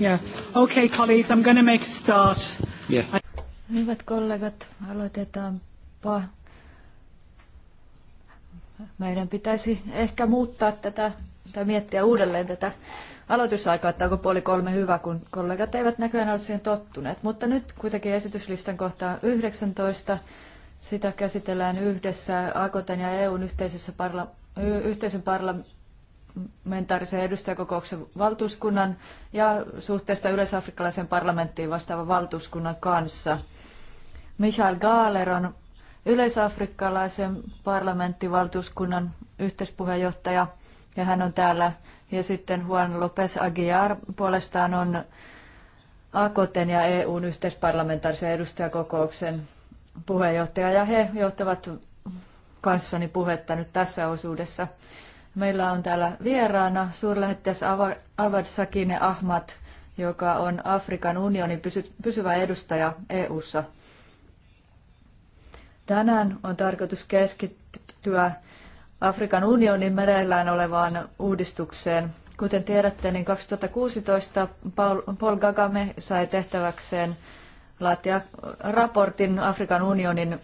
Yeah. Okay, colleagues, I'm going to make a start. Yeah. Hyvät kollegat, aloitetaanpa. Meidän pitäisi ehkä muuttaa tätä tai miettiä uudelleen tätä aloitusaikaa, että onko puoli kolme hyvä, kun kollegat eivät näköjään ole siihen tottuneet. Mutta nyt kuitenkin esityslistan kohtaan 19. Sitä käsitellään yhdessä AKT ja EUn yhteisessä parla- yhteisen parlamentin parlamentaarisen edustajakokouksen valtuuskunnan ja suhteesta yleisafrikkalaisen parlamenttiin vastaavan valtuuskunnan kanssa. Michael Gaaler on yleisafrikkalaisen parlamenttivaltuuskunnan yhteispuheenjohtaja ja hän on täällä. Ja sitten Juan López Aguiar puolestaan on AKTn ja EUn yhteisparlamentaarisen edustajakokouksen puheenjohtaja ja he johtavat kanssani puhetta nyt tässä osuudessa. Meillä on täällä vieraana suurlähettiläs Avad Sakine Ahmad, joka on Afrikan unionin pysyvä edustaja EU-ssa. Tänään on tarkoitus keskittyä Afrikan unionin mereillään olevaan uudistukseen. Kuten tiedätte, niin 2016 Paul Gagame sai tehtäväkseen laatia raportin Afrikan unionin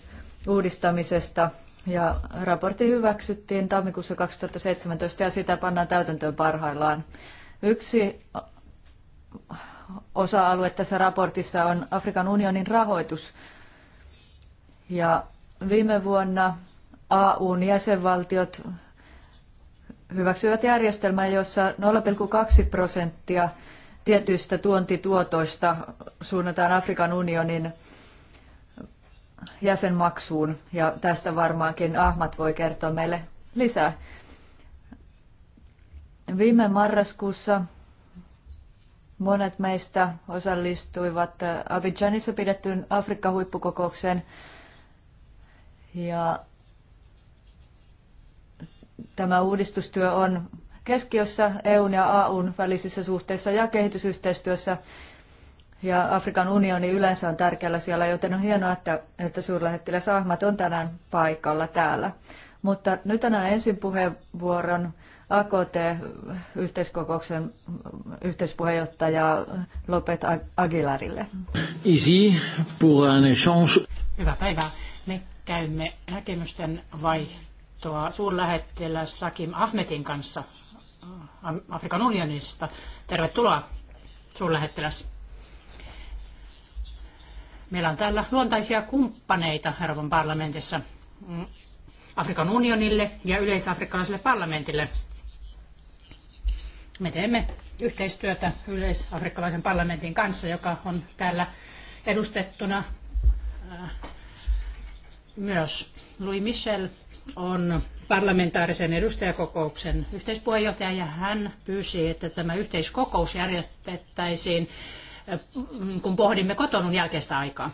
uudistamisesta – ja raportti hyväksyttiin tammikuussa 2017 ja sitä pannaan täytäntöön parhaillaan. Yksi osa-alue tässä raportissa on Afrikan unionin rahoitus. Ja viime vuonna AUn jäsenvaltiot hyväksyivät järjestelmän, jossa 0,2 prosenttia tietyistä tuontituotoista suunnataan Afrikan unionin jäsenmaksuun, ja tästä varmaankin Ahmat voi kertoa meille lisää. Viime marraskuussa monet meistä osallistuivat Abidjanissa pidettyyn Afrikka-huippukokoukseen, ja tämä uudistustyö on keskiössä EUn ja AUn välisissä suhteissa ja kehitysyhteistyössä ja Afrikan unioni yleensä on tärkeällä siellä, joten on hienoa, että, että suurlähettiläs Ahmat on tänään paikalla täällä. Mutta nyt annan ensin puheenvuoron AKT-yhteiskokouksen yhteispuheenjohtaja Lopet Aguilarille. Ici pour un échange. Hyvää päivää. Me käymme näkemysten vaihtoa suurlähettiläs Sakim Ahmetin kanssa Afrikan unionista. Tervetuloa suurlähettiläs. Meillä on täällä luontaisia kumppaneita Euroopan parlamentissa mm, Afrikan unionille ja yleisafrikkalaiselle parlamentille. Me teemme yhteistyötä yleisafrikkalaisen parlamentin kanssa, joka on täällä edustettuna äh, myös. Louis Michel on parlamentaarisen edustajakokouksen yhteispuheenjohtaja ja hän pyysi, että tämä yhteiskokous järjestettäisiin Äh, kun pohdimme kotonun jälkeistä aikaa.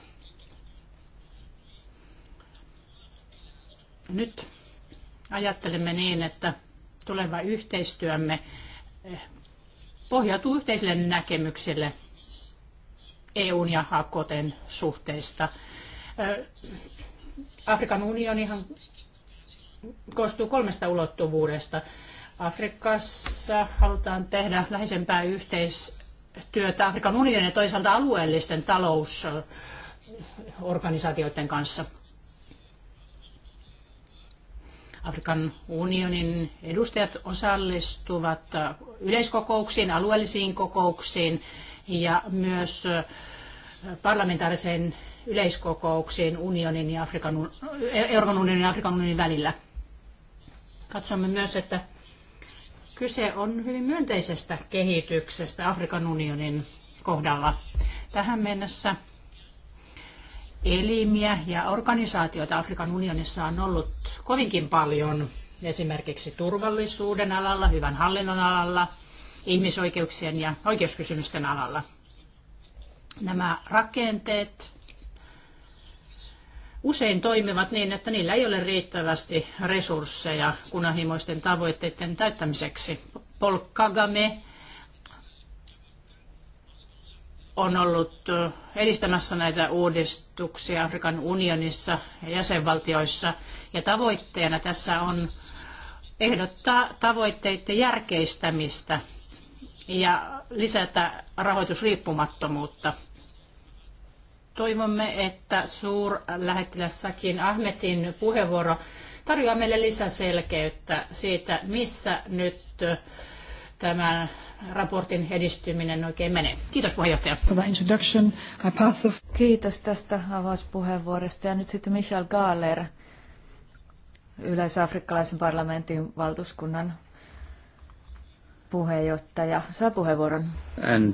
Nyt ajattelemme niin, että tuleva yhteistyömme äh, pohjautuu yhteisille näkemyksille EUn ja AKTn suhteista. Äh, Afrikan unionihan koostuu kolmesta ulottuvuudesta. Afrikassa halutaan tehdä läheisempää yhteistyötä työtä Afrikan unionin ja toisaalta alueellisten talousorganisaatioiden kanssa. Afrikan unionin edustajat osallistuvat yleiskokouksiin, alueellisiin kokouksiin ja myös parlamentaariseen yleiskokouksiin unionin ja Afrikan, Euroopan unionin ja Afrikan unionin välillä. Katsomme myös, että Kyse on hyvin myönteisestä kehityksestä Afrikan unionin kohdalla. Tähän mennessä elimiä ja organisaatioita Afrikan unionissa on ollut kovinkin paljon, esimerkiksi turvallisuuden alalla, hyvän hallinnon alalla, ihmisoikeuksien ja oikeuskysymysten alalla. Nämä rakenteet usein toimivat niin, että niillä ei ole riittävästi resursseja kunnanhimoisten tavoitteiden täyttämiseksi. Paul Kagame on ollut edistämässä näitä uudistuksia Afrikan unionissa ja jäsenvaltioissa. Ja tavoitteena tässä on ehdottaa tavoitteiden järkeistämistä ja lisätä rahoitusriippumattomuutta toivomme, että sakin Ahmetin puheenvuoro tarjoaa meille lisäselkeyttä siitä, missä nyt tämän raportin edistyminen oikein menee. Kiitos puheenjohtaja. For the introduction, I pass the... Kiitos tästä avauspuheenvuorosta. Ja nyt sitten Michel Gaaler, yleisafrikkalaisen parlamentin valtuuskunnan puheenjohtaja, saa puheenvuoron. And,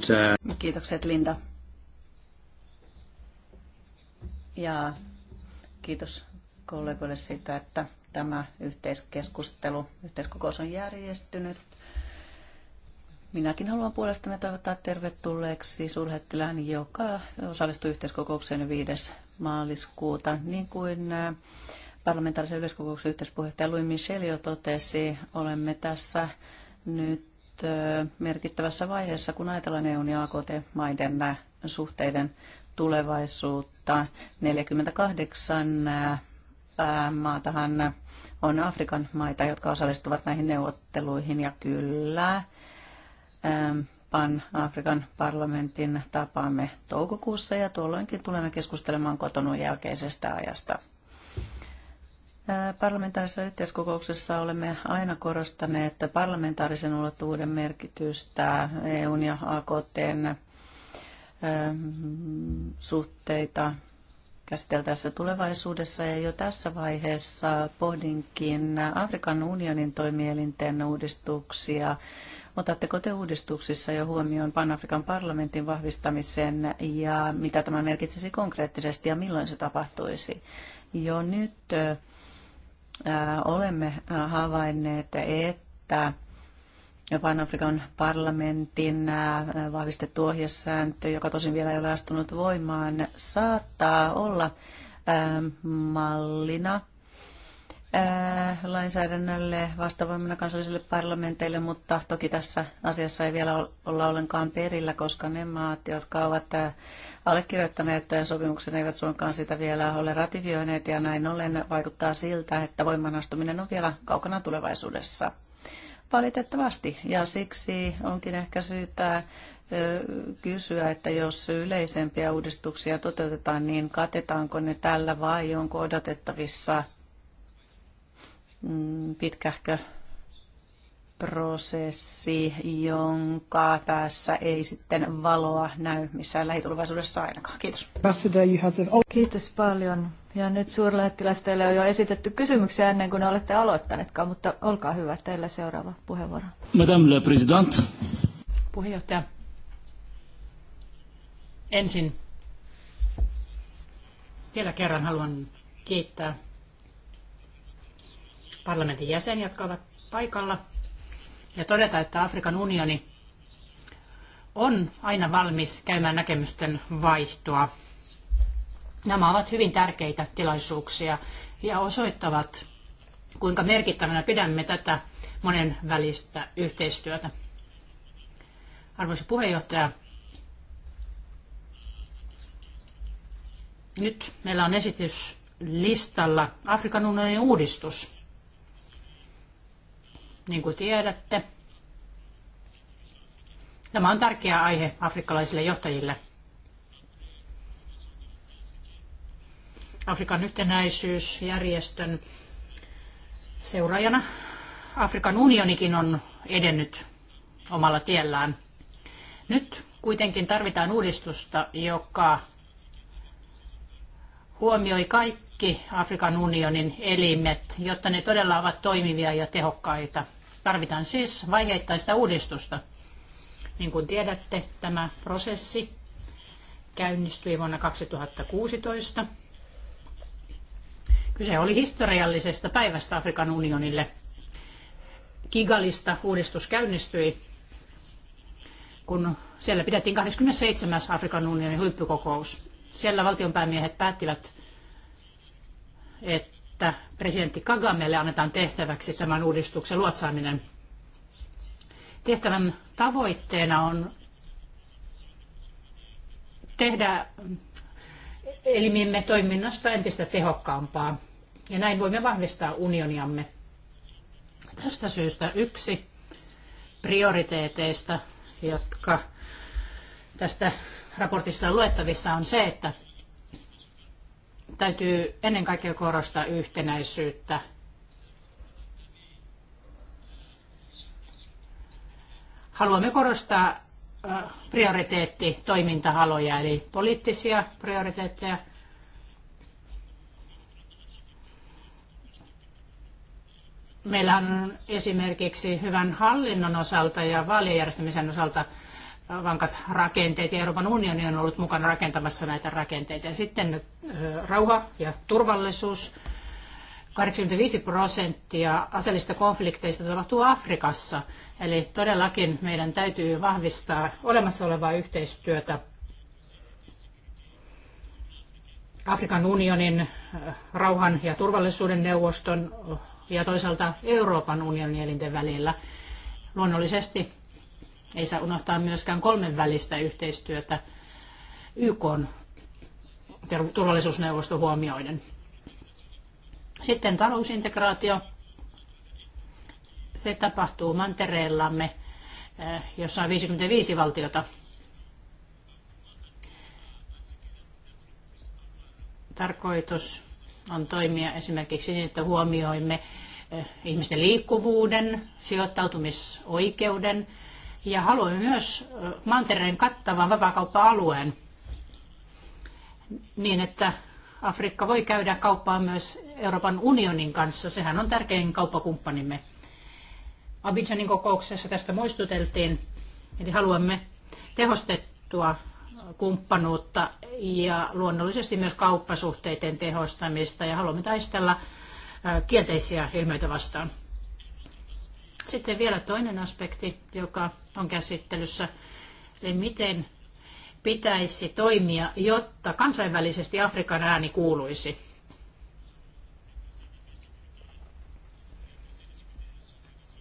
uh... Kiitokset Linda. Ja kiitos kollegoille siitä, että tämä yhteiskeskustelu, yhteiskokous on järjestynyt. Minäkin haluan puolestani toivottaa tervetulleeksi suurhettilään, joka osallistui yhteiskokoukseen 5. maaliskuuta. Niin kuin äh, parlamentaarisen yleiskokouksen yhteispuheenjohtaja Louis Michel jo totesi, olemme tässä nyt äh, merkittävässä vaiheessa, kun ajatellaan EUn ja AKT-maiden äh, suhteiden tulevaisuutta. 48 äh, maatahan on Afrikan maita, jotka osallistuvat näihin neuvotteluihin ja kyllä ähm, Pan-Afrikan parlamentin tapaamme toukokuussa ja tuolloinkin tulemme keskustelemaan kotonun jälkeisestä ajasta. Äh, parlamentaarisessa yhteiskokouksessa olemme aina korostaneet parlamentaarisen ulottuvuuden merkitystä EUn ja AKTn suhteita käsiteltäessä tulevaisuudessa ja jo tässä vaiheessa pohdinkin Afrikan unionin toimielinten uudistuksia. Otatteko te uudistuksissa jo huomioon Pan-Afrikan parlamentin vahvistamisen ja mitä tämä merkitsisi konkreettisesti ja milloin se tapahtuisi? Jo nyt olemme havainneet, että Pan-Afrikan parlamentin äh, vahvistettu ohjesääntö, joka tosin vielä ei ole astunut voimaan, saattaa olla ähm, mallina äh, lainsäädännölle vastavoimana kansallisille parlamenteille, mutta toki tässä asiassa ei vielä olla ollenkaan perillä, koska ne maat, jotka ovat äh, allekirjoittaneet sopimuksen, eivät suinkaan sitä vielä ole ratifioineet ja näin ollen vaikuttaa siltä, että voimanastuminen on vielä kaukana tulevaisuudessa. Valitettavasti. Ja siksi onkin ehkä syytä kysyä, että jos yleisempiä uudistuksia toteutetaan, niin katetaanko ne tällä vai onko odotettavissa mm, pitkähkö prosessi, jonka päässä ei sitten valoa näy missään lähitulevaisuudessa ainakaan. Kiitos. Kiitos paljon ja nyt suurlähettilästeille on jo esitetty kysymyksiä ennen kuin olette aloittaneetkaan, mutta olkaa hyvä, teillä seuraava puheenvuoro. Madame la Présidente. Puheenjohtaja. Ensin vielä kerran haluan kiittää parlamentin jäseniä, jotka ovat paikalla, ja todeta, että Afrikan unioni on aina valmis käymään näkemysten vaihtoa Nämä ovat hyvin tärkeitä tilaisuuksia ja osoittavat, kuinka merkittävänä pidämme tätä monen välistä yhteistyötä. Arvoisa puheenjohtaja, nyt meillä on esitys listalla Afrikan unionin uudistus. Niin kuin tiedätte, tämä on tärkeä aihe afrikkalaisille johtajille – Afrikan yhtenäisyysjärjestön seuraajana. Afrikan unionikin on edennyt omalla tiellään. Nyt kuitenkin tarvitaan uudistusta, joka huomioi kaikki Afrikan unionin elimet, jotta ne todella ovat toimivia ja tehokkaita. Tarvitaan siis vaiheittaista uudistusta. Niin kuin tiedätte, tämä prosessi käynnistyi vuonna 2016 Kyse oli historiallisesta päivästä Afrikan unionille. Kigalista uudistus käynnistyi, kun siellä pidettiin 27. Afrikan unionin huippukokous. Siellä valtionpäämiehet päättivät, että presidentti Kagamelle annetaan tehtäväksi tämän uudistuksen luotsaaminen. Tehtävän tavoitteena on tehdä elimiemme toiminnasta entistä tehokkaampaa. Ja näin voimme vahvistaa unioniamme. Tästä syystä yksi prioriteeteista, jotka tästä raportista on luettavissa, on se, että täytyy ennen kaikkea korostaa yhtenäisyyttä. Haluamme korostaa prioriteetti toimintahaloja, eli poliittisia prioriteetteja, Meillähän on esimerkiksi hyvän hallinnon osalta ja järjestämisen osalta vankat rakenteet ja Euroopan unioni on ollut mukana rakentamassa näitä rakenteita. Ja sitten rauha ja turvallisuus. 85 prosenttia aseellisista konflikteista tapahtuu Afrikassa. Eli todellakin meidän täytyy vahvistaa olemassa olevaa yhteistyötä Afrikan unionin rauhan ja turvallisuuden neuvoston ja toisaalta Euroopan unionin elinten välillä. Luonnollisesti ei saa unohtaa myöskään kolmen välistä yhteistyötä YK turvallisuusneuvosto huomioiden. Sitten talousintegraatio. Se tapahtuu mantereellamme, eh, jossa on 55 valtiota. Tarkoitus on toimia esimerkiksi niin, että huomioimme ihmisten liikkuvuuden, sijoittautumisoikeuden ja haluamme myös mantereen kattavan vapaakauppa-alueen niin, että Afrikka voi käydä kauppaa myös Euroopan unionin kanssa. Sehän on tärkein kauppakumppanimme. Abidjanin kokouksessa tästä muistuteltiin, eli haluamme tehostettua kumppanuutta ja luonnollisesti myös kauppasuhteiden tehostamista ja haluamme taistella kielteisiä ilmiöitä vastaan. Sitten vielä toinen aspekti, joka on käsittelyssä, eli miten pitäisi toimia, jotta kansainvälisesti Afrikan ääni kuuluisi.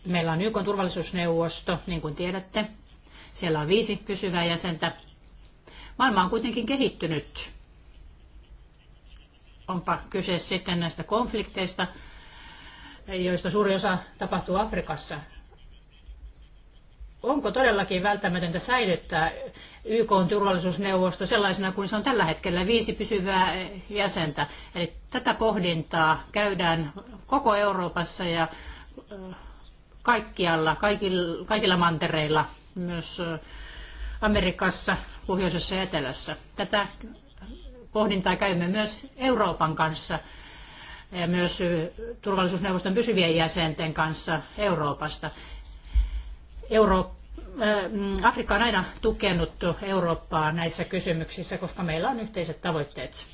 Meillä on YK turvallisuusneuvosto, niin kuin tiedätte. Siellä on viisi pysyvää jäsentä. Maailma on kuitenkin kehittynyt. Onpa kyse sitten näistä konflikteista, joista suuri osa tapahtuu Afrikassa. Onko todellakin välttämätöntä säilyttää YK on turvallisuusneuvosto sellaisena kuin se on tällä hetkellä, viisi pysyvää jäsentä. Eli tätä pohdintaa käydään koko Euroopassa ja kaikkialla, kaikilla, kaikilla mantereilla, myös Amerikassa, pohjoisessa ja etelässä. Tätä pohdintaa käymme myös Euroopan kanssa ja myös turvallisuusneuvoston pysyvien jäsenten kanssa Euroopasta. Euro- äh, Afrikka on aina tukenut Eurooppaa näissä kysymyksissä, koska meillä on yhteiset tavoitteet.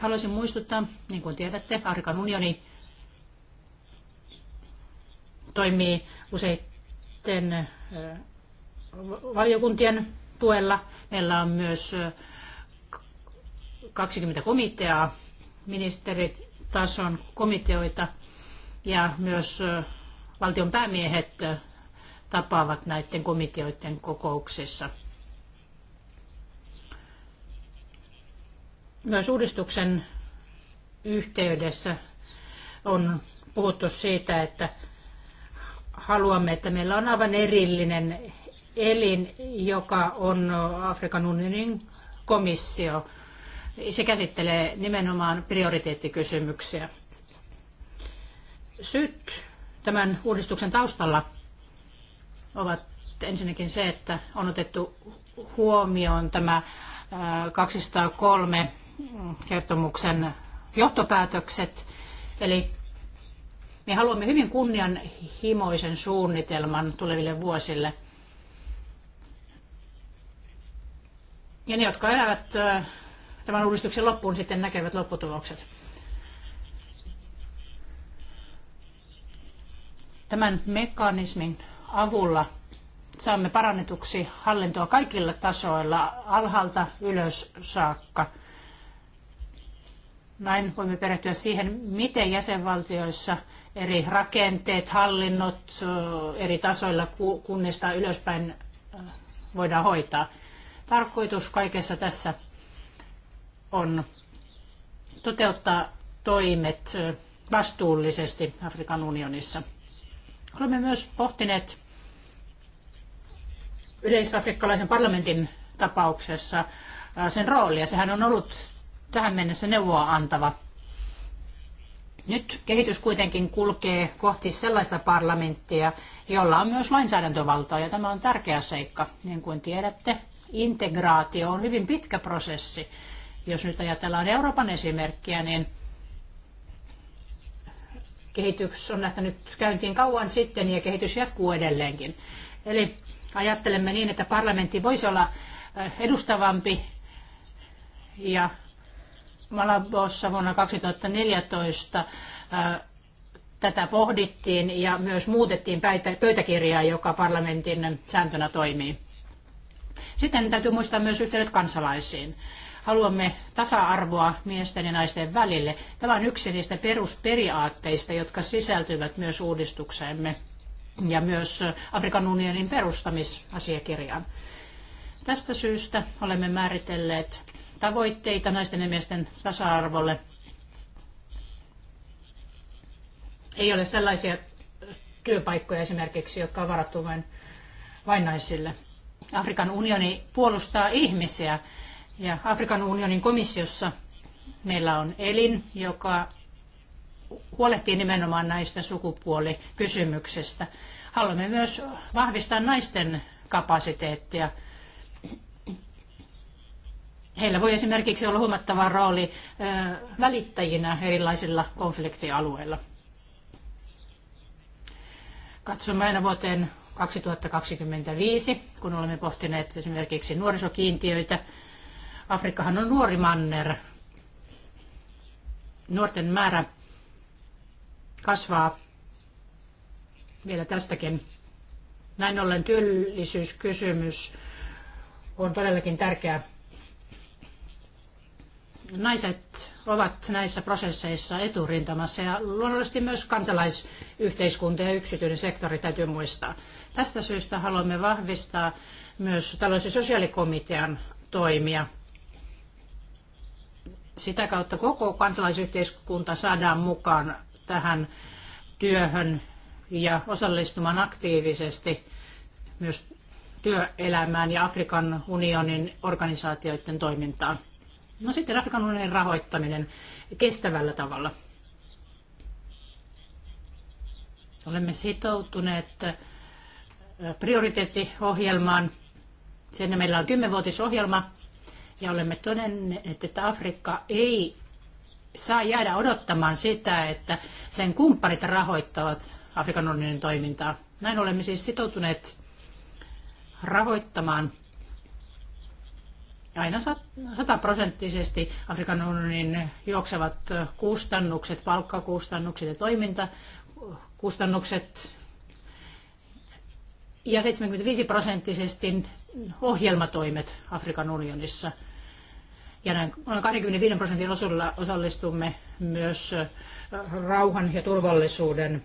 Haluaisin muistuttaa, niin kuin tiedätte, Afrikan unioni toimii useitten äh, valiokuntien tuella. Meillä on myös 20 komiteaa, ministeritason komiteoita ja myös valtion päämiehet tapaavat näiden komiteoiden kokouksissa. Myös uudistuksen yhteydessä on puhuttu siitä, että haluamme, että meillä on aivan erillinen elin, joka on Afrikan unionin komissio. Se käsittelee nimenomaan prioriteettikysymyksiä. Syyt tämän uudistuksen taustalla ovat ensinnäkin se, että on otettu huomioon tämä 203 kertomuksen johtopäätökset. Eli me haluamme hyvin kunnianhimoisen suunnitelman tuleville vuosille. Ja ne, jotka elävät tämän uudistuksen loppuun, sitten näkevät lopputulokset. Tämän mekanismin avulla saamme parannetuksi hallintoa kaikilla tasoilla, alhaalta ylös saakka. Näin voimme perehtyä siihen, miten jäsenvaltioissa eri rakenteet, hallinnot eri tasoilla kunnista ylöspäin voidaan hoitaa. Tarkoitus kaikessa tässä on toteuttaa toimet vastuullisesti Afrikan unionissa. Olemme myös pohtineet yleisafrikkalaisen parlamentin tapauksessa sen roolia. Sehän on ollut tähän mennessä neuvoa antava. Nyt kehitys kuitenkin kulkee kohti sellaista parlamenttia, jolla on myös lainsäädäntövaltaa, ja tämä on tärkeä seikka. Niin kuin tiedätte, integraatio on hyvin pitkä prosessi. Jos nyt ajatellaan Euroopan esimerkkiä, niin kehitys on lähtenyt käyntiin kauan sitten ja kehitys jatkuu edelleenkin. Eli ajattelemme niin, että parlamentti voisi olla eh, edustavampi ja Malabossa vuonna 2014 eh, tätä pohdittiin ja myös muutettiin pöytäkirjaa, joka parlamentin sääntönä toimii. Sitten täytyy muistaa myös yhteydet kansalaisiin. Haluamme tasa-arvoa miesten ja naisten välille. Tämä on yksi niistä perusperiaatteista, jotka sisältyvät myös uudistukseemme ja myös Afrikan unionin perustamisasiakirjaan. Tästä syystä olemme määritelleet tavoitteita naisten ja miesten tasa-arvolle. Ei ole sellaisia työpaikkoja esimerkiksi, jotka on varattu vain, vain naisille. Afrikan unioni puolustaa ihmisiä ja Afrikan unionin komissiossa meillä on elin, joka huolehtii nimenomaan näistä sukupuolikysymyksistä. Haluamme myös vahvistaa naisten kapasiteettia. Heillä voi esimerkiksi olla huomattava rooli välittäjinä erilaisilla konfliktialueilla. Katsomme aina vuoteen 2025, kun olemme pohtineet esimerkiksi nuorisokiintiöitä. Afrikkahan on nuori manner. Nuorten määrä kasvaa vielä tästäkin. Näin ollen työllisyyskysymys on todellakin tärkeä Naiset ovat näissä prosesseissa eturintamassa ja luonnollisesti myös kansalaisyhteiskunta ja yksityinen sektori täytyy muistaa. Tästä syystä haluamme vahvistaa myös talous- ja sosiaalikomitean toimia. Sitä kautta koko kansalaisyhteiskunta saadaan mukaan tähän työhön ja osallistumaan aktiivisesti myös työelämään ja Afrikan unionin organisaatioiden toimintaan. No sitten Afrikan unionin rahoittaminen kestävällä tavalla. Olemme sitoutuneet prioriteettiohjelmaan. Sen meillä on kymmenvuotisohjelma ja olemme todenneet, että Afrikka ei saa jäädä odottamaan sitä, että sen kumppanit rahoittavat Afrikan unionin toimintaa. Näin olemme siis sitoutuneet rahoittamaan aina sataprosenttisesti Afrikan unionin juoksevat kustannukset, palkkakustannukset ja toimintakustannukset. Ja 75 prosenttisesti ohjelmatoimet Afrikan unionissa. Ja näin noin 25 prosentin osuudella osallistumme myös äh, rauhan ja turvallisuuden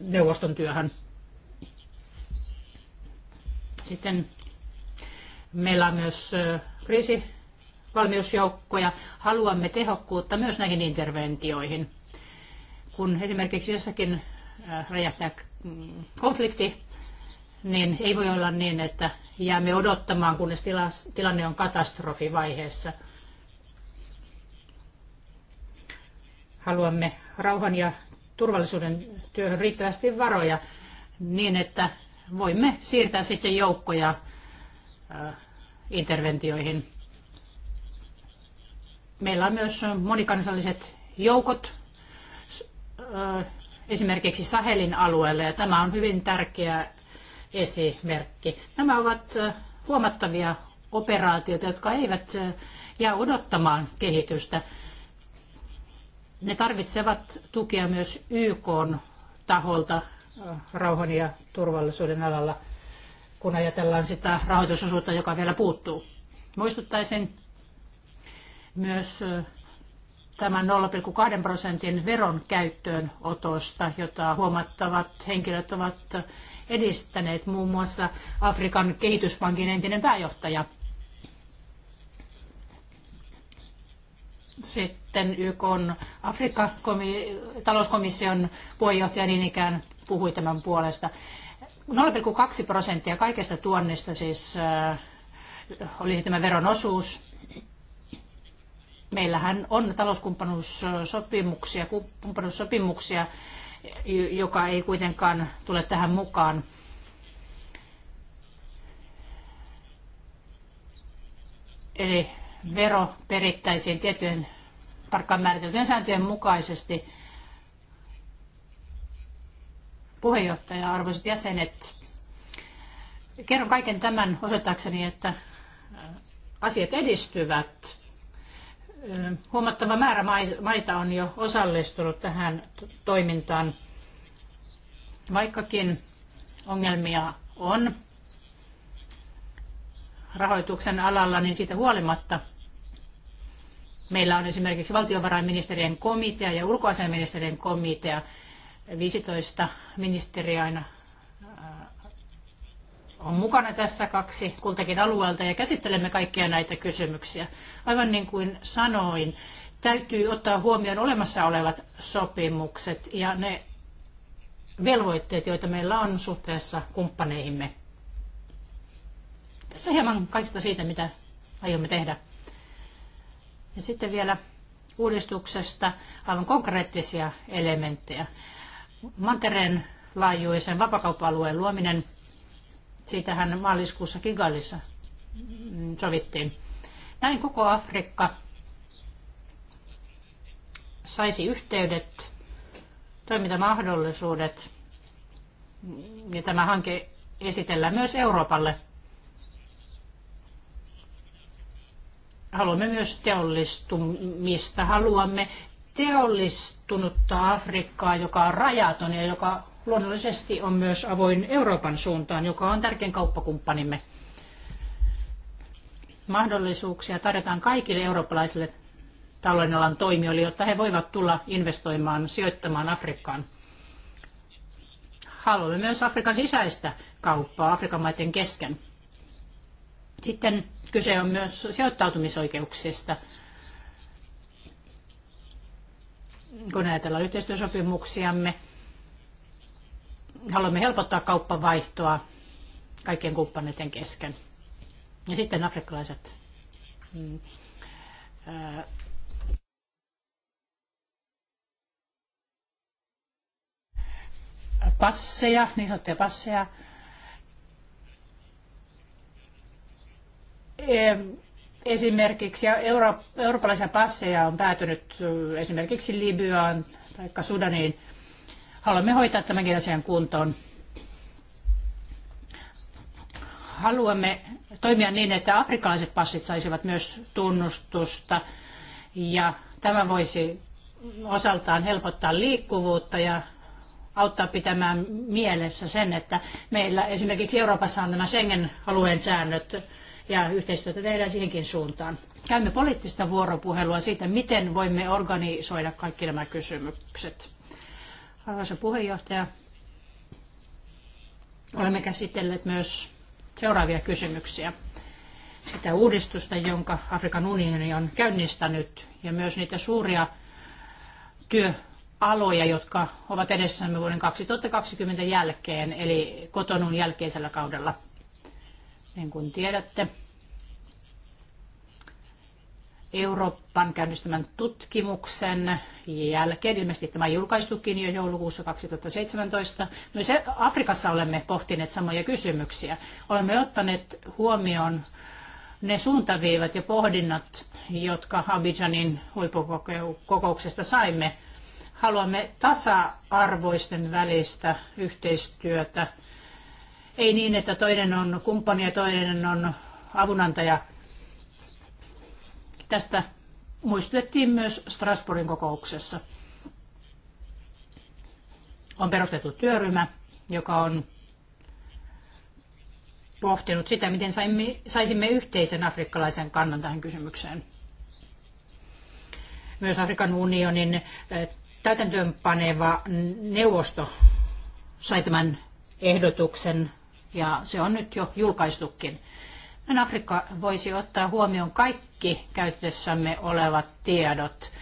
neuvoston työhön. Sitten Meillä on myös kriisivalmiusjoukkoja. Haluamme tehokkuutta myös näihin interventioihin. Kun esimerkiksi jossakin räjähtää konflikti, niin ei voi olla niin, että jäämme odottamaan, kunnes tilanne on katastrofivaiheessa. Haluamme rauhan ja turvallisuuden työhön riittävästi varoja niin, että voimme siirtää sitten joukkoja interventioihin. Meillä on myös monikansalliset joukot esimerkiksi Sahelin alueelle ja tämä on hyvin tärkeä esimerkki. Nämä ovat huomattavia operaatioita, jotka eivät jää odottamaan kehitystä. Ne tarvitsevat tukea myös YK taholta rauhan ja turvallisuuden alalla kun ajatellaan sitä rahoitusosuutta, joka vielä puuttuu. Muistuttaisin myös tämän 0,2 prosentin veron käyttöönotosta, jota huomattavat henkilöt ovat edistäneet, muun muassa Afrikan kehityspankin entinen pääjohtaja. Sitten YK Afrikka-talouskomission puheenjohtaja niin ikään puhui tämän puolesta. 0,2 prosenttia kaikesta tuonnista siis äh, olisi tämä veron osuus. Meillähän on talouskumppanuussopimuksia, kumppanuussopimuksia, joka ei kuitenkaan tule tähän mukaan. Eli vero perittäisiin tiettyjen tarkkaan määriteltyjen sääntöjen mukaisesti puheenjohtaja, arvoisat jäsenet. Kerron kaiken tämän osoittaakseni, että äh, asiat edistyvät. Äh, huomattava määrä maita on jo osallistunut tähän toimintaan, vaikkakin ongelmia on rahoituksen alalla, niin siitä huolimatta meillä on esimerkiksi valtiovarainministerien komitea ja ulkoasiainministerien komitea, 15 ministeriä aina on mukana tässä kaksi kultakin alueelta ja käsittelemme kaikkia näitä kysymyksiä. Aivan niin kuin sanoin, täytyy ottaa huomioon olemassa olevat sopimukset ja ne velvoitteet, joita meillä on suhteessa kumppaneihimme. Tässä hieman kaikista siitä, mitä aiomme tehdä. Ja sitten vielä uudistuksesta aivan konkreettisia elementtejä mantereen laajuisen vapakauppa-alueen luominen, siitähän maaliskuussa Kigalissa mm, sovittiin. Näin koko Afrikka saisi yhteydet, toimintamahdollisuudet, ja tämä hanke esitellään myös Euroopalle. Haluamme myös teollistumista, haluamme teollistunutta Afrikkaa, joka on rajaton ja joka luonnollisesti on myös avoin Euroopan suuntaan, joka on tärkein kauppakumppanimme. Mahdollisuuksia tarjotaan kaikille eurooppalaisille talouden alan toimijoille, jotta he voivat tulla investoimaan, sijoittamaan Afrikkaan. Haluamme myös Afrikan sisäistä kauppaa Afrikan maiden kesken. Sitten kyse on myös sijoittautumisoikeuksista. kun ajatellaan yhteistyösopimuksiamme. Haluamme helpottaa kauppavaihtoa kaikkien kumppaneiden kesken. Ja sitten afrikkalaiset mm. passeja, niin sanottuja passeja esimerkiksi ja euro, eurooppalaisia passeja on päätynyt esimerkiksi Libyaan tai Sudaniin. Haluamme hoitaa tämänkin asian kuntoon. Haluamme toimia niin, että afrikkalaiset passit saisivat myös tunnustusta ja tämä voisi osaltaan helpottaa liikkuvuutta ja auttaa pitämään mielessä sen, että meillä esimerkiksi Euroopassa on nämä Schengen-alueen säännöt, ja yhteistyötä tehdään siihenkin suuntaan. Käymme poliittista vuoropuhelua siitä, miten voimme organisoida kaikki nämä kysymykset. Arvoisa puheenjohtaja, olemme käsitelleet myös seuraavia kysymyksiä. Sitä uudistusta, jonka Afrikan unioni on käynnistänyt ja myös niitä suuria työaloja, jotka ovat edessämme vuoden 2020 jälkeen, eli kotonun jälkeisellä kaudella. Niin kuin tiedätte, Euroopan käynnistämän tutkimuksen jälkeen, ilmeisesti tämä julkaistukin jo joulukuussa 2017. Myös Afrikassa olemme pohtineet samoja kysymyksiä. Olemme ottaneet huomioon ne suuntaviivat ja pohdinnat, jotka Abidjanin huippukokouksesta saimme. Haluamme tasa-arvoisten välistä yhteistyötä ei niin, että toinen on kumppani ja toinen on avunantaja. Tästä muistutettiin myös Strasbourgin kokouksessa. On perustettu työryhmä, joka on pohtinut sitä, miten saimme, saisimme yhteisen afrikkalaisen kannan tähän kysymykseen. Myös Afrikan unionin eh, täytäntöönpaneva neuvosto sai tämän ehdotuksen ja se on nyt jo julkaistukin. Näin Afrikka voisi ottaa huomioon kaikki käytössämme olevat tiedot.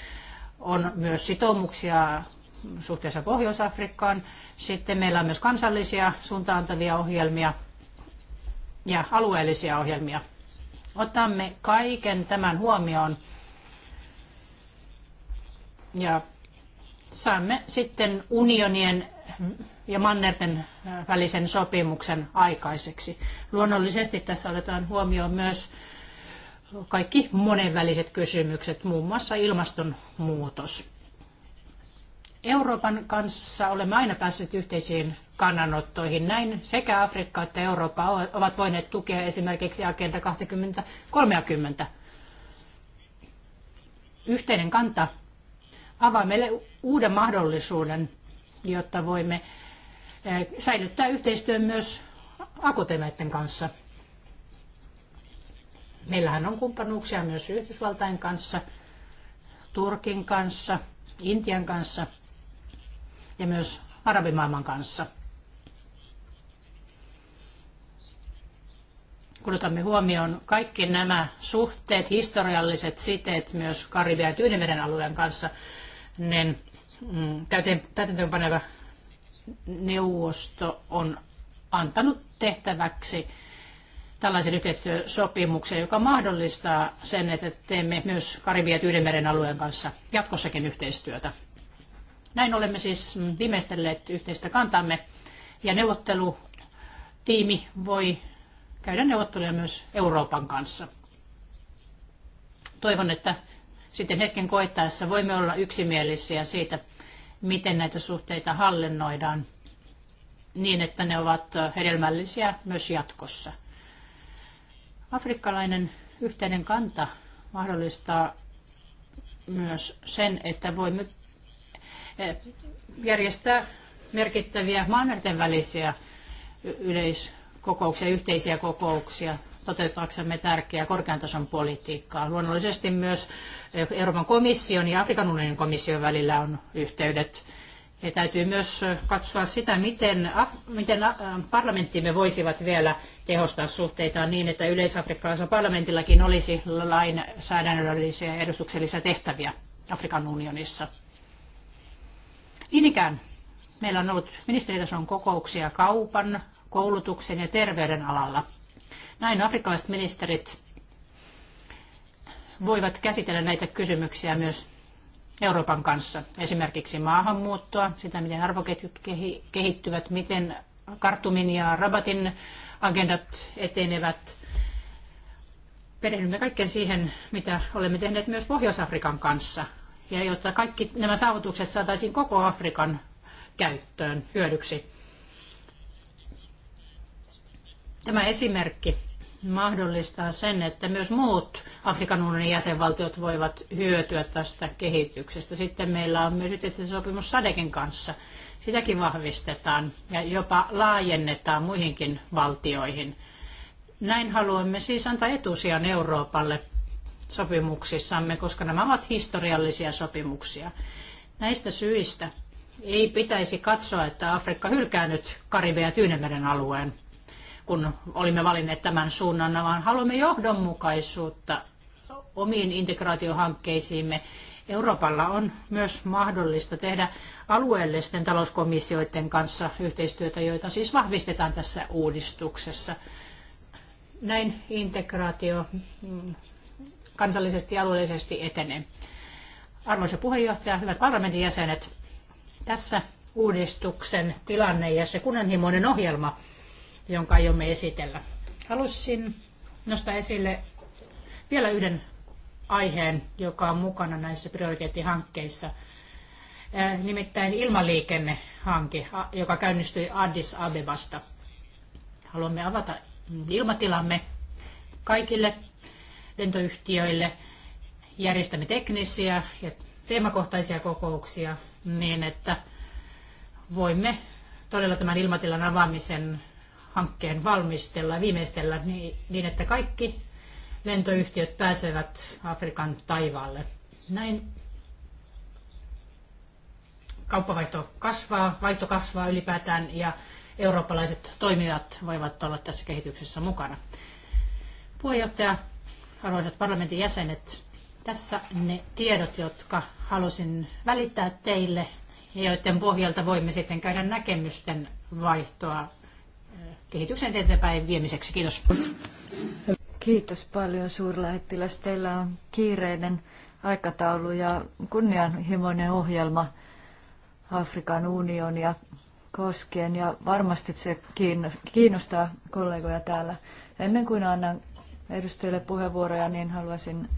On myös sitoumuksia suhteessa Pohjois-Afrikkaan. Sitten meillä on myös kansallisia suuntaantavia ohjelmia ja alueellisia ohjelmia. Otamme kaiken tämän huomioon ja saamme sitten unionien ja mannerten äh, välisen sopimuksen aikaiseksi. Luonnollisesti tässä otetaan huomioon myös kaikki monenväliset kysymykset, muun muassa ilmastonmuutos. Euroopan kanssa olemme aina päässeet yhteisiin kannanottoihin. Näin sekä Afrikka että Eurooppa ovat voineet tukea esimerkiksi Agenda 2030. Yhteinen kanta avaa meille uuden mahdollisuuden, jotta voimme säilyttää yhteistyön myös akatemeiden kanssa. Meillähän on kumppanuuksia myös Yhdysvaltain kanssa, Turkin kanssa, Intian kanssa ja myös arabimaailman kanssa. kun otamme huomioon kaikki nämä suhteet, historialliset siteet myös Karibian ja Tyynimeren alueen kanssa, niin mm, täytäntöönpaneva neuvosto on antanut tehtäväksi tällaisen yhteistyösopimuksen, joka mahdollistaa sen, että teemme myös Karibian ja Tyydenmeren alueen kanssa jatkossakin yhteistyötä. Näin olemme siis viimeistelleet yhteistä kantamme ja neuvottelutiimi voi käydä neuvotteluja myös Euroopan kanssa. Toivon, että sitten hetken koettaessa voimme olla yksimielisiä siitä, miten näitä suhteita hallinnoidaan niin, että ne ovat hedelmällisiä myös jatkossa. Afrikkalainen yhteinen kanta mahdollistaa myös sen, että voimme eh, järjestää merkittäviä maanerten välisiä yleiskokouksia, yhteisiä kokouksia toteuttaaksemme tärkeää korkean tason politiikkaa. Luonnollisesti myös Euroopan komission ja Afrikan unionin komission välillä on yhteydet. Ja täytyy myös katsoa sitä, miten, miten äh, parlamenttimme voisivat vielä tehostaa suhteitaan niin, että yleisafrikkalaisella parlamentillakin olisi lainsäädännöllisiä ja edustuksellisia tehtäviä Afrikan unionissa. Niin ikään meillä on ollut ministeritason kokouksia kaupan, koulutuksen ja terveyden alalla. Näin afrikkalaiset ministerit voivat käsitellä näitä kysymyksiä myös Euroopan kanssa. Esimerkiksi maahanmuuttoa, sitä miten arvoketjut kehittyvät, miten Kartumin ja Rabatin agendat etenevät. Perehdymme kaikkeen siihen, mitä olemme tehneet myös Pohjois-Afrikan kanssa. Ja jotta kaikki nämä saavutukset saataisiin koko Afrikan käyttöön hyödyksi. Tämä esimerkki mahdollistaa sen, että myös muut Afrikan unionin jäsenvaltiot voivat hyötyä tästä kehityksestä. Sitten meillä on myös sopimus Sadekin kanssa. Sitäkin vahvistetaan ja jopa laajennetaan muihinkin valtioihin. Näin haluamme siis antaa etusijan Euroopalle sopimuksissamme, koska nämä ovat historiallisia sopimuksia. Näistä syistä ei pitäisi katsoa, että Afrikka hylkää nyt Karibia ja Tyynemeren alueen kun olimme valinneet tämän suunnan, vaan haluamme johdonmukaisuutta omiin integraatiohankkeisiimme. Euroopalla on myös mahdollista tehdä alueellisten talouskomissioiden kanssa yhteistyötä, joita siis vahvistetaan tässä uudistuksessa. Näin integraatio mm, kansallisesti ja alueellisesti etenee. Arvoisa puheenjohtaja, hyvät parlamentin jäsenet, tässä uudistuksen tilanne ja se kunnianhimoinen ohjelma, jonka aiomme esitellä. Haluaisin nostaa esille vielä yhden aiheen, joka on mukana näissä prioriteettihankkeissa, äh, nimittäin ilmaliikennehanke, joka käynnistyi Addis Abebasta. Haluamme avata ilmatilamme kaikille lentoyhtiöille, järjestämme teknisiä ja teemakohtaisia kokouksia niin, että voimme todella tämän ilmatilan avaamisen hankkeen valmistella ja viimeistellä niin, niin että kaikki lentoyhtiöt pääsevät Afrikan taivaalle. Näin kauppavaihto kasvaa, vaihto kasvaa ylipäätään ja eurooppalaiset toimijat voivat olla tässä kehityksessä mukana. Puheenjohtaja, arvoisat parlamentin jäsenet, tässä ne tiedot, jotka halusin välittää teille ja joiden pohjalta voimme sitten käydä näkemysten vaihtoa kehityksen eteenpäin viemiseksi. Kiitos. Kiitos paljon suurlähettiläs. Teillä on kiireinen aikataulu ja kunnianhimoinen ohjelma Afrikan unionia koskien ja varmasti se kiinnostaa kollegoja täällä. Ennen kuin annan edustajille puheenvuoroja, niin haluaisin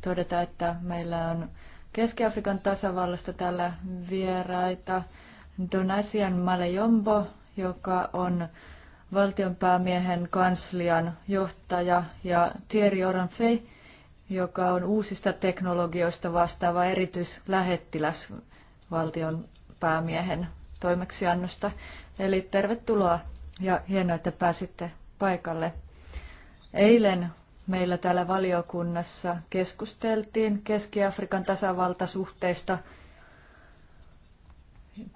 todeta, että meillä on Keski-Afrikan tasavallasta täällä vieraita. Donasian Malejombo, joka on valtionpäämiehen kanslian johtaja ja Thierry Oranfey, joka on uusista teknologioista vastaava erityislähettiläs valtion päämiehen toimeksiannosta. Eli tervetuloa ja hienoa, että pääsitte paikalle. Eilen meillä täällä valiokunnassa keskusteltiin Keski-Afrikan tasavaltasuhteista.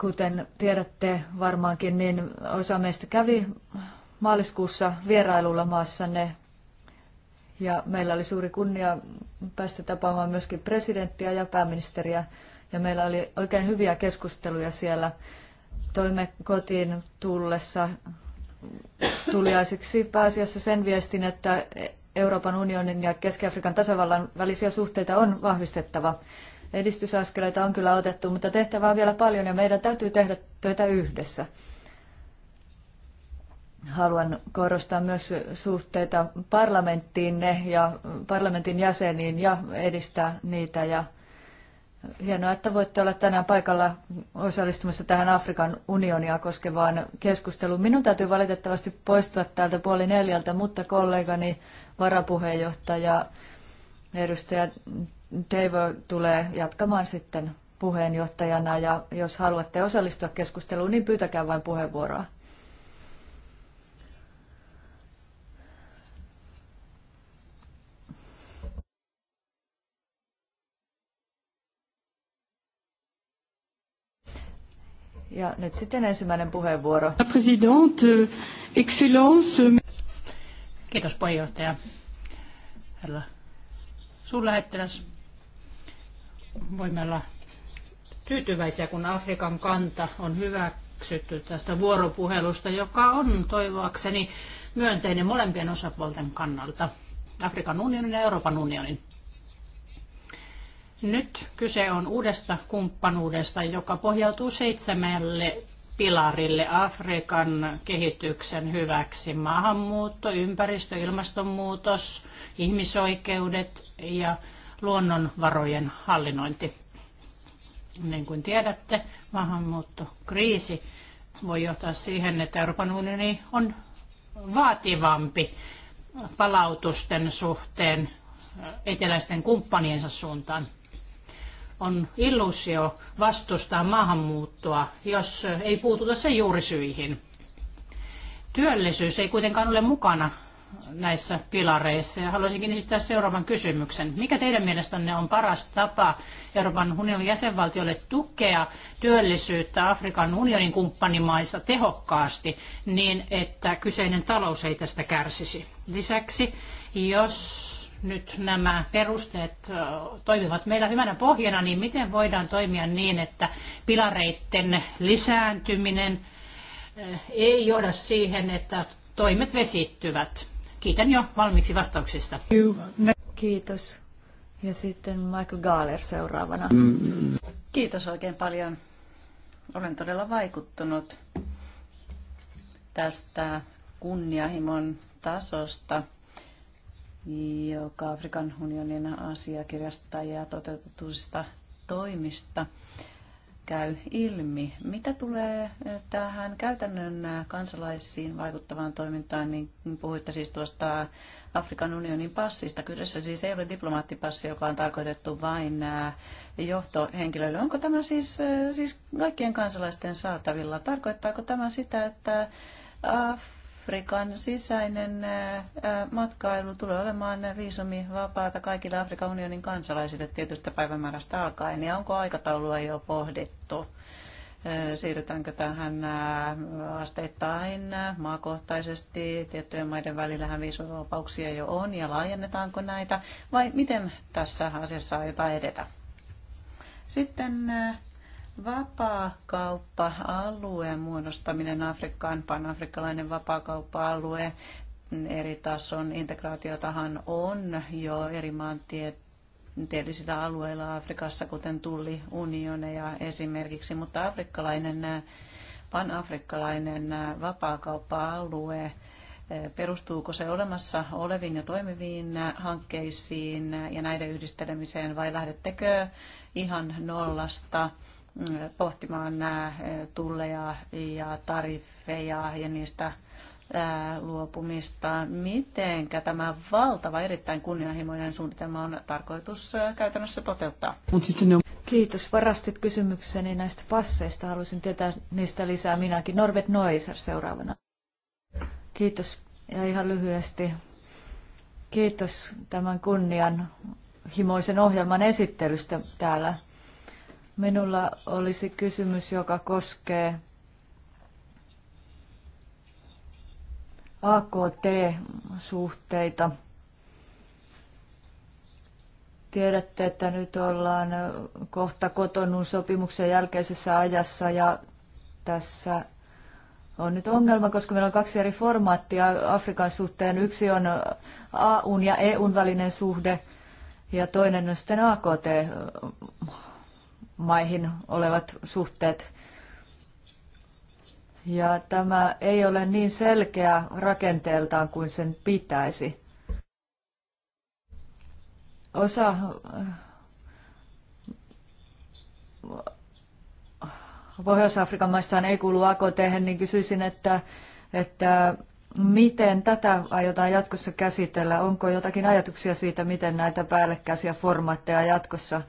Kuten tiedätte varmaankin, niin osa meistä kävi maaliskuussa vierailulla maassanne ja meillä oli suuri kunnia päästä tapaamaan myöskin presidenttiä ja pääministeriä ja meillä oli oikein hyviä keskusteluja siellä. Toimme kotiin tullessa tuliaisiksi pääasiassa sen viestin, että Euroopan unionin ja Keski-Afrikan tasavallan välisiä suhteita on vahvistettava. Edistysaskeleita on kyllä otettu, mutta tehtävää on vielä paljon ja meidän täytyy tehdä töitä yhdessä. Haluan korostaa myös suhteita parlamenttiin ja parlamentin jäseniin ja edistää niitä. Ja hienoa, että voitte olla tänään paikalla osallistumassa tähän Afrikan unionia koskevaan keskusteluun. Minun täytyy valitettavasti poistua täältä puoli neljältä, mutta kollegani varapuheenjohtaja edustaja Davo tulee jatkamaan sitten puheenjohtajana ja jos haluatte osallistua keskusteluun, niin pyytäkää vain puheenvuoroa. Ja nyt sitten ensimmäinen puheenvuoro. Presidente, Kiitos puheenjohtaja. Herra suurlähettiläs, voimme olla tyytyväisiä, kun Afrikan kanta on hyväksytty tästä vuoropuhelusta, joka on toivoakseni myönteinen molempien osapuolten kannalta, Afrikan unionin ja Euroopan unionin. Nyt kyse on uudesta kumppanuudesta, joka pohjautuu seitsemälle pilarille Afrikan kehityksen hyväksi. Maahanmuutto, ympäristö, ilmastonmuutos, ihmisoikeudet ja luonnonvarojen hallinnointi. Niin kuin tiedätte, maahanmuuttokriisi voi johtaa siihen, että Euroopan unioni on vaativampi palautusten suhteen äh, eteläisten kumppaniensa suuntaan. On illuusio vastustaa maahanmuuttoa, jos äh, ei puututa sen juurisyihin. Työllisyys ei kuitenkaan ole mukana näissä pilareissa. Ja haluaisinkin esittää seuraavan kysymyksen. Mikä teidän mielestänne on paras tapa Euroopan unionin jäsenvaltiolle tukea työllisyyttä Afrikan unionin kumppanimaissa tehokkaasti niin, että kyseinen talous ei tästä kärsisi? Lisäksi, jos nyt nämä perusteet toimivat meillä hyvänä pohjana, niin miten voidaan toimia niin, että pilareiden lisääntyminen ei johda siihen, että toimet vesittyvät. Kiitän jo valmiiksi vastauksista. Kiitos. Ja sitten Michael Gaaler seuraavana. Kiitos oikein paljon. Olen todella vaikuttunut tästä kunnianhimon tasosta, joka Afrikan unionin asiakirjasta ja toteutetuista toimista käy ilmi. Mitä tulee eh, tähän käytännön eh, kansalaisiin vaikuttavaan toimintaan, niin puhuitte siis tuosta Afrikan unionin passista. Kyseessä siis ei ole diplomaattipassi, joka on tarkoitettu vain eh, johtohenkilöille. Onko tämä siis, siis kaikkien kansalaisten saatavilla? Tarkoittaako tämä sitä, että Af- Afrikan sisäinen äh, äh, matkailu tulee olemaan vapaata kaikille Afrikan unionin kansalaisille tietystä päivämäärästä alkaen. Ja onko aikataulua jo pohdittu? Äh, siirrytäänkö tähän asteittain maakohtaisesti? Tiettyjen maiden välillähän viisumivapauksia jo on ja laajennetaanko näitä? Vai miten tässä asiassa aiotaan edetä? Sitten Vapaakauppa-alueen muodostaminen Afrikkaan, panafrikkalainen vapaakauppa-alue, eri tason integraatiotahan on jo eri maantieteellisillä alueilla Afrikassa, kuten unioneja esimerkiksi, mutta afrikkalainen, panafrikkalainen vapaakauppa-alue, perustuuko se olemassa oleviin ja toimiviin hankkeisiin ja näiden yhdistelemiseen vai lähdettekö ihan nollasta? pohtimaan nämä tulleja ja tariffeja ja niistä luopumista. Miten tämä valtava, erittäin kunnianhimoinen suunnitelma on tarkoitus käytännössä toteuttaa? Kiitos. Varastit kysymykseni näistä passeista. Haluaisin tietää niistä lisää minäkin. Norbert Noiser seuraavana. Kiitos. Ja ihan lyhyesti. Kiitos tämän kunnianhimoisen ohjelman esittelystä täällä Minulla olisi kysymys, joka koskee AKT-suhteita. Tiedätte, että nyt ollaan kohta kotonun sopimuksen jälkeisessä ajassa ja tässä on nyt ongelma, koska meillä on kaksi eri formaattia Afrikan suhteen. Yksi on AUn ja EUn välinen suhde ja toinen on sitten AKT maihin olevat suhteet. Ja tämä ei ole niin selkeä rakenteeltaan kuin sen pitäisi. Osa äh, Pohjois-Afrikan maistaan ei kuulu AKT, niin kysyisin, että, että miten tätä aiotaan jatkossa käsitellä? Onko jotakin ajatuksia siitä, miten näitä päällekkäisiä formaatteja jatkossa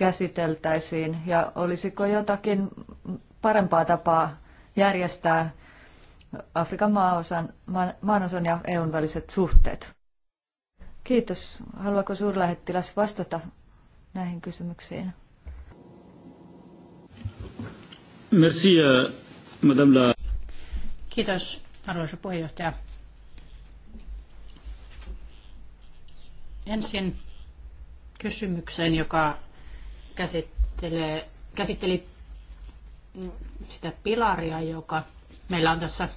käsiteltäisiin ja olisiko jotakin parempaa tapaa järjestää Afrikan maanosan, maanosan ja EUn väliset suhteet. Kiitos. Haluaako suurlähettiläs vastata näihin kysymyksiin? Merci, euh, madame la... Kiitos, arvoisa puheenjohtaja. Ensin kysymykseen, joka käsittelee, käsitteli sitä pilaria, joka meillä on tässä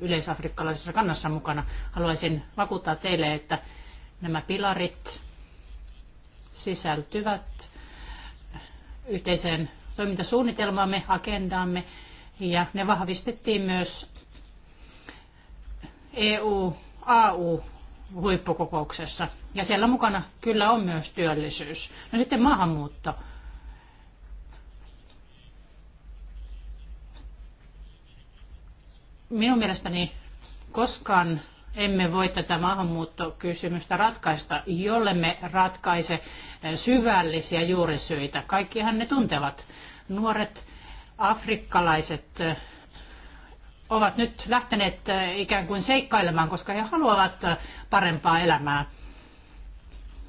yleisafrikkalaisessa kannassa mukana. Haluaisin vakuuttaa teille, että nämä pilarit sisältyvät yhteiseen toimintasuunnitelmaamme, agendaamme ja ne vahvistettiin myös EU-AU huippukokouksessa. Ja siellä mukana kyllä on myös työllisyys. No sitten maahanmuutto. Minun mielestäni koskaan emme voi tätä maahanmuuttokysymystä ratkaista, jollemme ratkaise syvällisiä juurisyitä. Kaikkihan ne tuntevat. Nuoret afrikkalaiset ovat nyt lähteneet äh, ikään kuin seikkailemaan, koska he haluavat äh, parempaa elämää.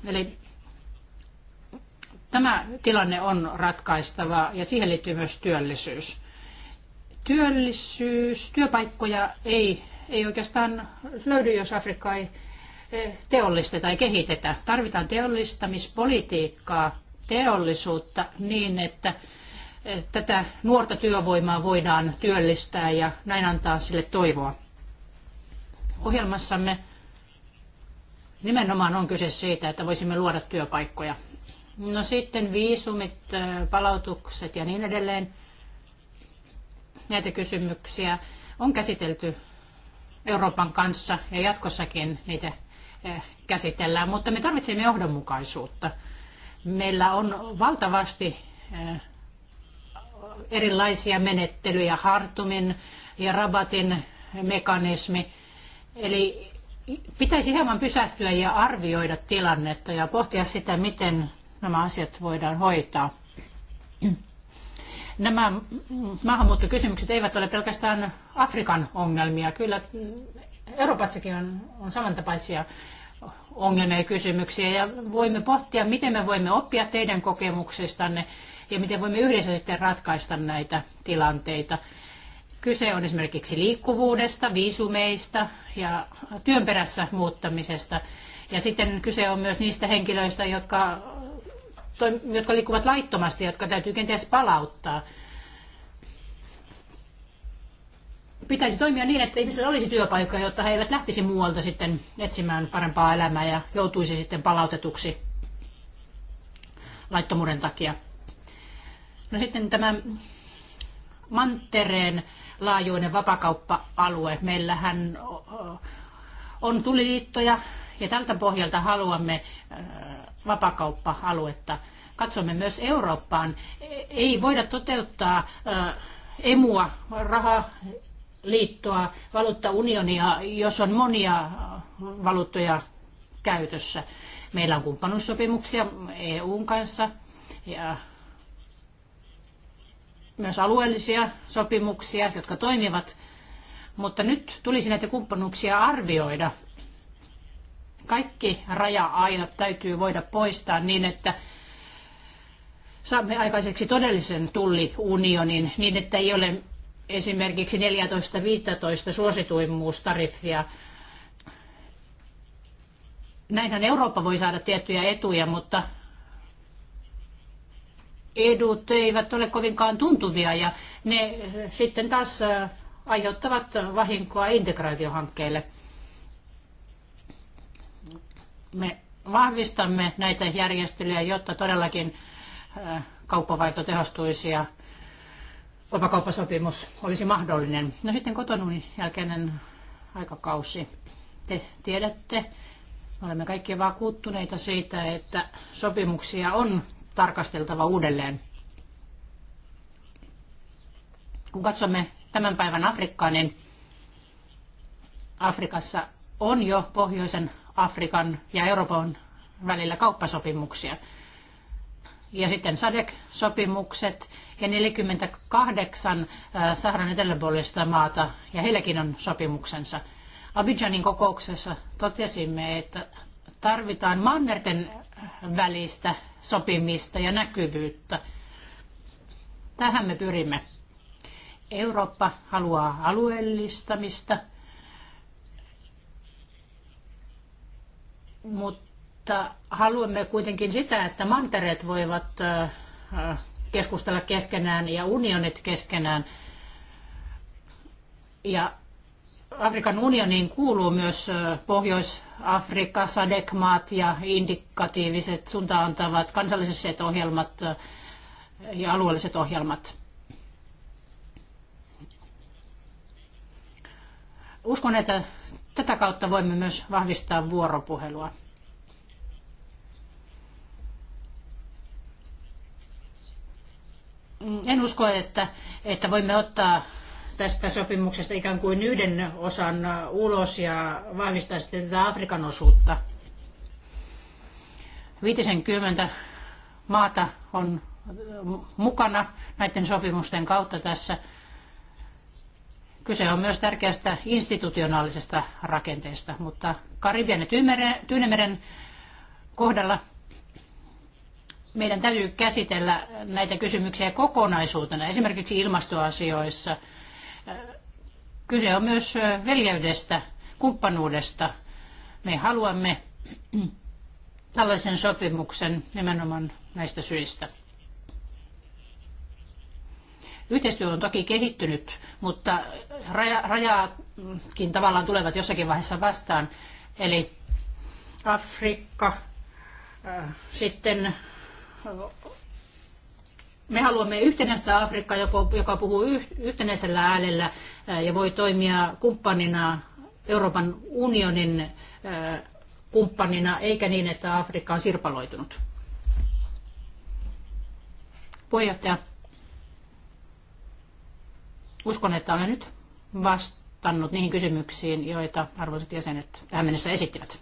Eli tämä tilanne on ratkaistava ja siihen liittyy myös työllisyys. Työllisyys, työpaikkoja ei, ei oikeastaan löydy, jos Afrikka ei eh, teollisteta tai kehitetä. Tarvitaan teollistamispolitiikkaa, teollisuutta niin, että tätä nuorta työvoimaa voidaan työllistää ja näin antaa sille toivoa. Ohjelmassamme nimenomaan on kyse siitä, että voisimme luoda työpaikkoja. No sitten viisumit, palautukset ja niin edelleen. Näitä kysymyksiä on käsitelty Euroopan kanssa ja jatkossakin niitä käsitellään, mutta me tarvitsemme johdonmukaisuutta. Meillä on valtavasti erilaisia menettelyjä, Hartumin ja Rabatin mekanismi. Eli pitäisi hieman pysähtyä ja arvioida tilannetta ja pohtia sitä, miten nämä asiat voidaan hoitaa. Nämä maahanmuuttokysymykset eivät ole pelkästään Afrikan ongelmia. Kyllä Euroopassakin on, on samantapaisia ongelmia ja kysymyksiä ja voimme pohtia, miten me voimme oppia teidän kokemuksestanne ja miten voimme yhdessä sitten ratkaista näitä tilanteita. Kyse on esimerkiksi liikkuvuudesta, viisumeista ja työn perässä muuttamisesta. Ja sitten kyse on myös niistä henkilöistä, jotka, jotka liikkuvat laittomasti, jotka täytyy kenties palauttaa. Pitäisi toimia niin, että ihmisillä olisi työpaikka, jotta he eivät lähtisi muualta sitten etsimään parempaa elämää ja joutuisi sitten palautetuksi laittomuuden takia. No sitten tämä mantereen laajuinen vapakauppa-alue. Meillähän on tuliliittoja ja tältä pohjalta haluamme vapakauppa-aluetta. Katsomme myös Eurooppaan. Ei voida toteuttaa emua, rahaliittoa, valuuttaunionia, jos on monia valuuttoja käytössä. Meillä on kumppanuussopimuksia EUn kanssa ja myös alueellisia sopimuksia, jotka toimivat, mutta nyt tulisi näitä kumppanuuksia arvioida. Kaikki raja-aidat täytyy voida poistaa niin, että saamme aikaiseksi todellisen tulliunionin niin, että ei ole esimerkiksi 14-15 suosituimmuustariffia. Näinhän Eurooppa voi saada tiettyjä etuja, mutta edut eivät ole kovinkaan tuntuvia ja ne eh, sitten taas eh, aiheuttavat vahinkoa integraatiohankkeelle. Me vahvistamme näitä järjestelyjä, jotta todellakin eh, kauppavaihto tehostuisi ja vapakauppasopimus olisi mahdollinen. No sitten kotonuun jälkeinen aikakausi. Te tiedätte, olemme kaikki vakuuttuneita siitä, että sopimuksia on tarkasteltava uudelleen. Kun katsomme tämän päivän Afrikkaa, niin Afrikassa on jo pohjoisen Afrikan ja Euroopan välillä kauppasopimuksia. Ja sitten SADEC-sopimukset ja 48 äh, Saharan eteläpuolista maata, ja heilläkin on sopimuksensa. Abidjanin kokouksessa totesimme, että tarvitaan mannerten välistä sopimista ja näkyvyyttä. Tähän me pyrimme. Eurooppa haluaa alueellistamista, mutta haluamme kuitenkin sitä, että mantereet voivat keskustella keskenään ja unionit keskenään. Ja Afrikan unioniin kuuluu myös Pohjois-Afrikka, sadekmaat ja indikatiiviset suuntaantavat kansalliset ohjelmat ja alueelliset ohjelmat. Uskon, että tätä kautta voimme myös vahvistaa vuoropuhelua. En usko, että, että voimme ottaa tästä sopimuksesta ikään kuin yhden osan ulos ja vahvistaa sitten tätä Afrikan osuutta. 50 maata on mukana näiden sopimusten kautta tässä. Kyse on myös tärkeästä institutionaalisesta rakenteesta, mutta Karibian ja Tyynemeren kohdalla meidän täytyy käsitellä näitä kysymyksiä kokonaisuutena, esimerkiksi ilmastoasioissa – Kyse on myös veljeydestä, kumppanuudesta. Me haluamme tällaisen sopimuksen nimenomaan näistä syistä. Yhteistyö on toki kehittynyt, mutta raja, rajaakin tavallaan tulevat jossakin vaiheessa vastaan. Eli Afrikka, äh, sitten me haluamme yhtenäistä Afrikkaa, joka puhuu yhtenäisellä äänellä ja voi toimia kumppanina Euroopan unionin kumppanina, eikä niin, että Afrikka on sirpaloitunut. Puheenjohtaja, uskon, että olen nyt vastannut niihin kysymyksiin, joita arvoisat jäsenet tähän mennessä esittivät.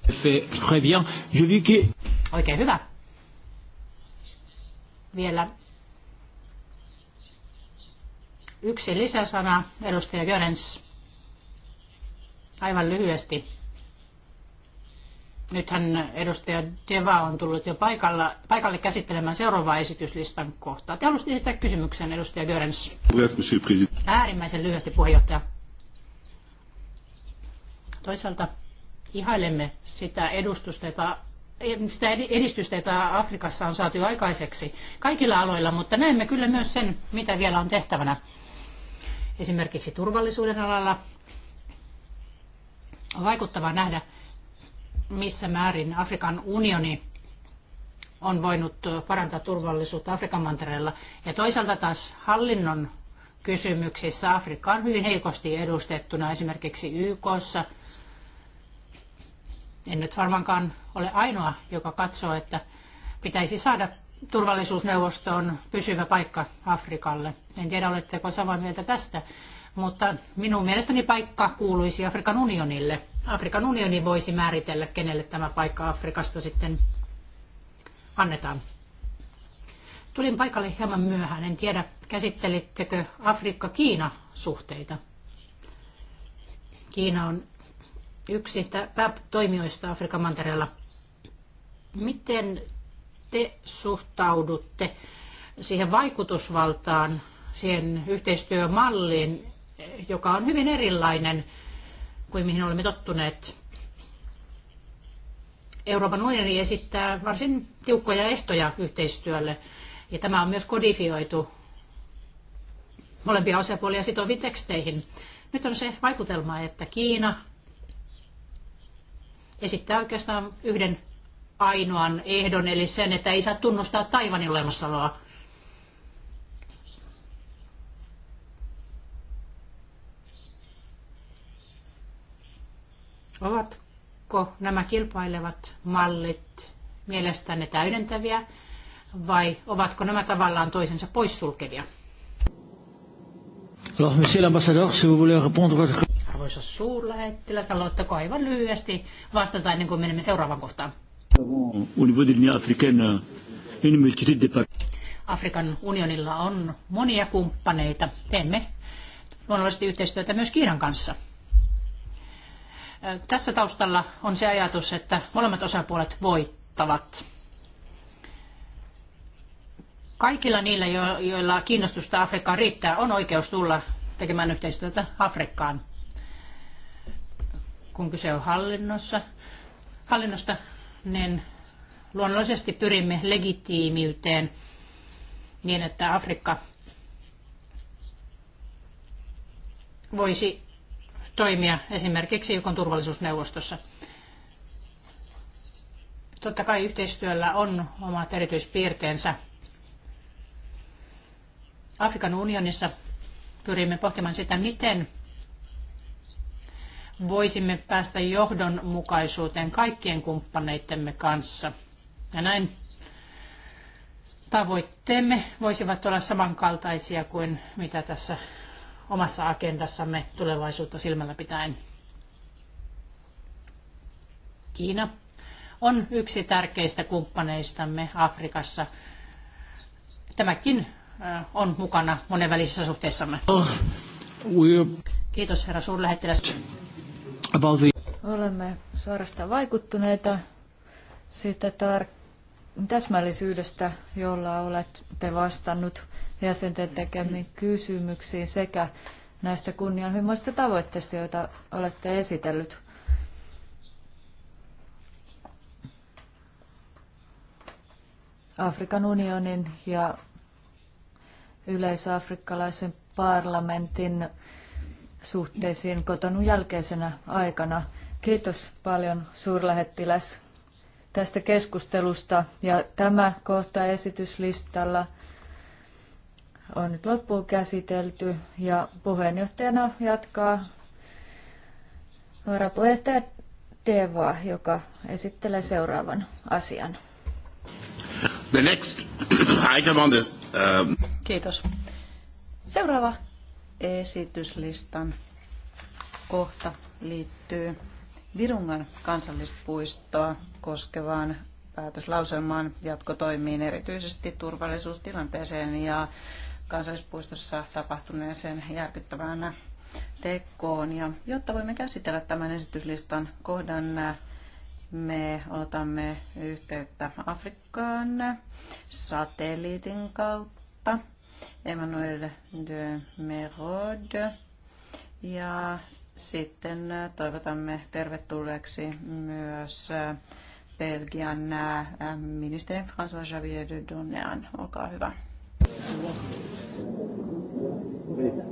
Oikein hyvä. Vielä Yksi lisäsana, edustaja Görens. Aivan lyhyesti. Nythän edustaja Deva on tullut jo paikalla, paikalle käsittelemään seuraavaa esityslistan kohtaa. Te haluaisitte esittää kysymyksen, edustaja Görens. Äärimmäisen lyhyesti, puheenjohtaja. Toisaalta ihailemme sitä edustusta, jota sitä edistystä, jota Afrikassa on saatu aikaiseksi kaikilla aloilla, mutta näemme kyllä myös sen, mitä vielä on tehtävänä esimerkiksi turvallisuuden alalla. On vaikuttavaa nähdä, missä määrin Afrikan unioni on voinut parantaa turvallisuutta Afrikan mantereella. Ja toisaalta taas hallinnon kysymyksissä Afrikka on hyvin heikosti edustettuna esimerkiksi YKssa. En nyt varmaankaan ole ainoa, joka katsoo, että pitäisi saada turvallisuusneuvosto on pysyvä paikka Afrikalle. En tiedä, oletteko samaa mieltä tästä, mutta minun mielestäni paikka kuuluisi Afrikan unionille. Afrikan unioni voisi määritellä, kenelle tämä paikka Afrikasta sitten annetaan. Tulin paikalle hieman myöhään. En tiedä, käsittelittekö Afrikka-Kiina-suhteita. Kiina on yksi toimijoista Afrikan mantereella. Miten te suhtaudutte siihen vaikutusvaltaan, siihen yhteistyömalliin, joka on hyvin erilainen kuin mihin olemme tottuneet. Euroopan unioni esittää varsin tiukkoja ehtoja yhteistyölle, ja tämä on myös kodifioitu molempia osapuolia sitoviin teksteihin. Nyt on se vaikutelma, että Kiina esittää oikeastaan yhden ainoan ehdon, eli sen, että ei saa tunnustaa Taivanin olemassaoloa. Ovatko nämä kilpailevat mallit mielestänne täydentäviä vai ovatko nämä tavallaan toisensa poissulkevia? Alors, monsieur l'ambassadeur, si vous voulez répondre votre... Arvoisa suurlähettiläs, aloittako aivan lyhyesti vastata ennen kuin menemme seuraavaan kohtaan? Afrikan unionilla on monia kumppaneita. Teemme luonnollisesti yhteistyötä myös Kiinan kanssa. Tässä taustalla on se ajatus, että molemmat osapuolet voittavat. Kaikilla niillä, joilla kiinnostusta Afrikkaan riittää, on oikeus tulla tekemään yhteistyötä Afrikkaan. Kun kyse on hallinnossa, hallinnosta, niin luonnollisesti pyrimme legitiimiyteen niin, että Afrikka voisi toimia esimerkiksi YK turvallisuusneuvostossa. Totta kai yhteistyöllä on omat erityispiirteensä. Afrikan unionissa pyrimme pohtimaan sitä, miten voisimme päästä johdonmukaisuuteen kaikkien kumppaneittemme kanssa. Ja näin tavoitteemme voisivat olla samankaltaisia kuin mitä tässä omassa agendassamme tulevaisuutta silmällä pitäen. Kiina on yksi tärkeistä kumppaneistamme Afrikassa. Tämäkin on mukana monenvälisissä suhteissamme. Oh, Kiitos herra suurlähettiläs about the... Olemme suorastaan vaikuttuneita siitä tar- täsmällisyydestä, jolla olette vastannut jäsenten tekemiin kysymyksiin sekä näistä kunnianhimoista tavoitteista, joita olette esitellyt. Afrikan unionin ja yleisafrikkalaisen parlamentin suhteisiin kotonun jälkeisenä aikana. Kiitos paljon suurlähettiläs tästä keskustelusta ja tämä kohta esityslistalla on nyt loppuun käsitelty ja puheenjohtajana jatkaa varapuheenjohtaja Deva, joka esittelee seuraavan asian. The next item on the, um... Kiitos. Seuraava esityslistan kohta liittyy Virungan kansallispuistoa koskevaan päätöslauselmaan jatkotoimiin erityisesti turvallisuustilanteeseen ja kansallispuistossa tapahtuneeseen järkyttävään tekoon. Ja jotta voimme käsitellä tämän esityslistan kohdan, me otamme yhteyttä Afrikkaan satelliitin kautta. Emmanuel de Merod. Ja sitten äh, toivotamme tervetulleeksi myös äh, Belgian äh, ministeri François Xavier de Donnean. Olkaa hyvä. Thank you.